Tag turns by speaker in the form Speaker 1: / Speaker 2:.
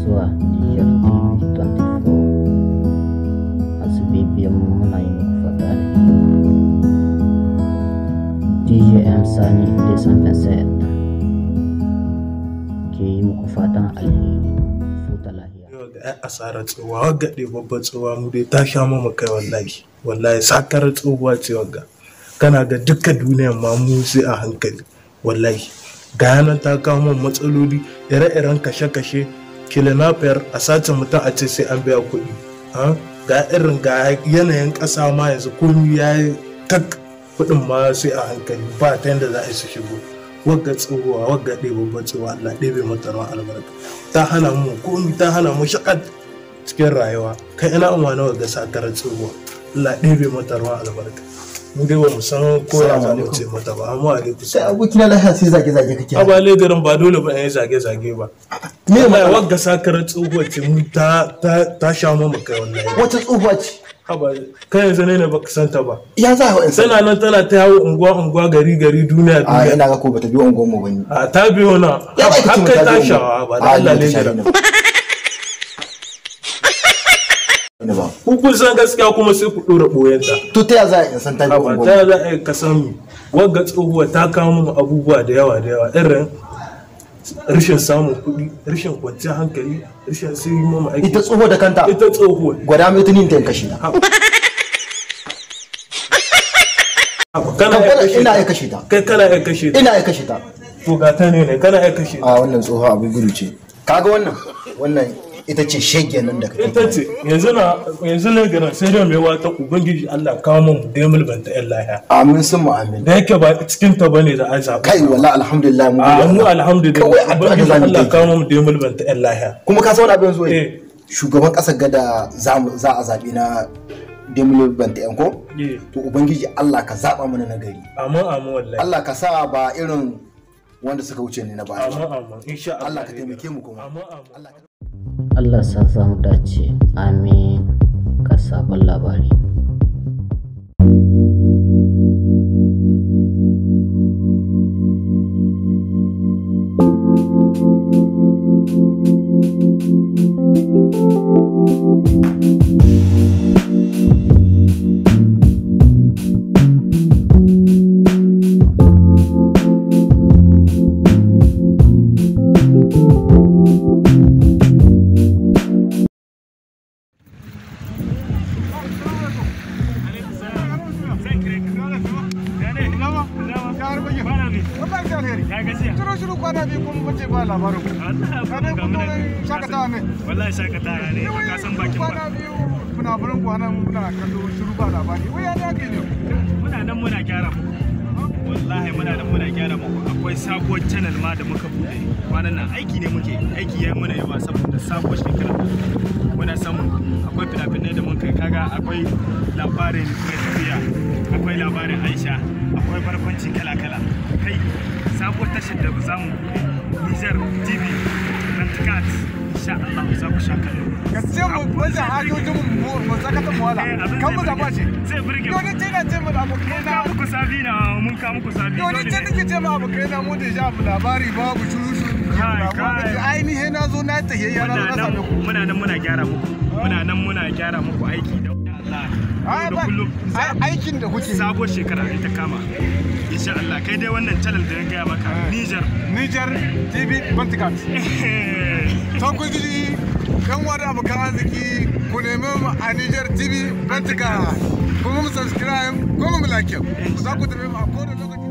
Speaker 1: zuwa Niger TV 24 masu bibiyan mu fata da DJM Sani Desan ke yi muku fatan alheri futa lahiya. Yau ga asarar tsohuwa wagga babban tsohuwa mu dai ta sha mu kai wallahi wallahi sakar tsohuwa ce wagga. kana ga duka duniyar ma mu sai a hankali wallahi ga yanan ta kawo min matsaloli ire-iren kashe-kashe kilinafiyar a sace mutum a ce sai an biya kuɗi ga irin ga yanayin ƙasa ma yanzu komi ya yi tak kuɗin ma sai a hankali ba ta yadda za a yi su shigo wagga tsohuwa wagga ɗebe bacewa Allah ɗebe mutanen albarka ta hana mu komi ta hana mu shaƙat cikin rayuwa kai ina umarni wagga sakarar tsohuwa Allah ɗebe mutanen albarka mu dai ba mu san ko ya za mu ce mata ba amma alaikum sai abokina lafiya sai zage zage kake a ba garin ba dole ba yi zage zage ba me ma wagga sakarar tsohuwa ce mu ta ta ta sha mu kai wallahi wata tsohuwa ce haba kai yanzu ne ba ka santa ba ya za ha tana nan tana ta yawo unguwa unguwa gari gari duniya duniya a ina ga ko bata biyo unguwa mu bane a ta biyo na Ya har kai ta sha ba da Allah ne ba ku kun san gaskiya kuma sai ku dora boyanta to ta za a san ta ba ta za a ka san wagga tsohuwa ta kawo mu abubuwa da yawa da yawa irin rashin samun kuɗi rashin kwanciyar hankali rashin sai yi mama aiki ita tsohuwa da kanta ita tsohuwa gwada mai tunin ta kashi ta kana ya kashe ta ina ya kashe ta kai kana ya kashe ta ina ya kashe ta to gata ne ne kana ya kashe ta. a wannan tsoho abu gudu ce kaga wannan wannan ita ce shege nan da kake ita ce yanzu na yanzu ne garan sai da mai wata ubangiji Allah kawo mun da mul banta Allah ya amin sun mu amin da yake ba cikin ta bane da an zaba kai wallahi alhamdulillah mu mu alhamdulillah ubangiji Allah kawo mun da mul banta Allah lahiya kuma ka san abin zo eh. shugaban kasar gada za a zabi na demilor banta ko eh. to ubangiji Allah ka zaba mana na gari amin amin wallahi Allah ka sa ba irin wanda suka wuce ne na baya amin amin insha Allah Allah ka taimake mu kuma amin amin Allah sa za mu dace amin ga sabon labari Turo shiru kwana biyu kuma bace ba labarin ku. Kada ku shakatawa ne. Wallahi shakatawa ne. Ka san bakin ba. Kwana biyu muna burin kwana muna kallo shiru ba labari. Wai ya dake ne. Muna nan muna gyara mu. Wallahi muna nan muna gyara mu. Akwai sabuwar channel ma da muka bude. Kwanan nan aiki ne muke. Aiki ya mana yawa saboda sabuwar shekara. Muna samun akwai fina-finai da mun kai kaga akwai labarin mai tafiya akwai labarin aisha akwai barkwanci kala-kala kai sabuwar tashar da za mu Nijar TV nan Kat insha Allah za ku sha kallo. Gaskiya mu wajen hajojin mu mu zakatan mu wala. Eh, kan mu zaba ce. Zai burge mu. Yoni tina ce mu abokai na. Mun ka sabi na mun ka muku sabi. Yoni ce nake ce mu abokai na mu da ja mu labari babu shuru shuru. Ainihin na zo na tahiyya na zo na same ku. Muna nan muna gyara muku. Muna nan muna gyara muku aiki da aikin da kuke sabuwar shekara ita kama insha Allah kai dai wannan channel da ya gaya maka Niger Niger TV Bantikat to ku ji kan wani abokan arziki ku nemi mu a Niger TV Bantikat kuma mu subscribe kuma mu like za ku tafi a kowane lokaci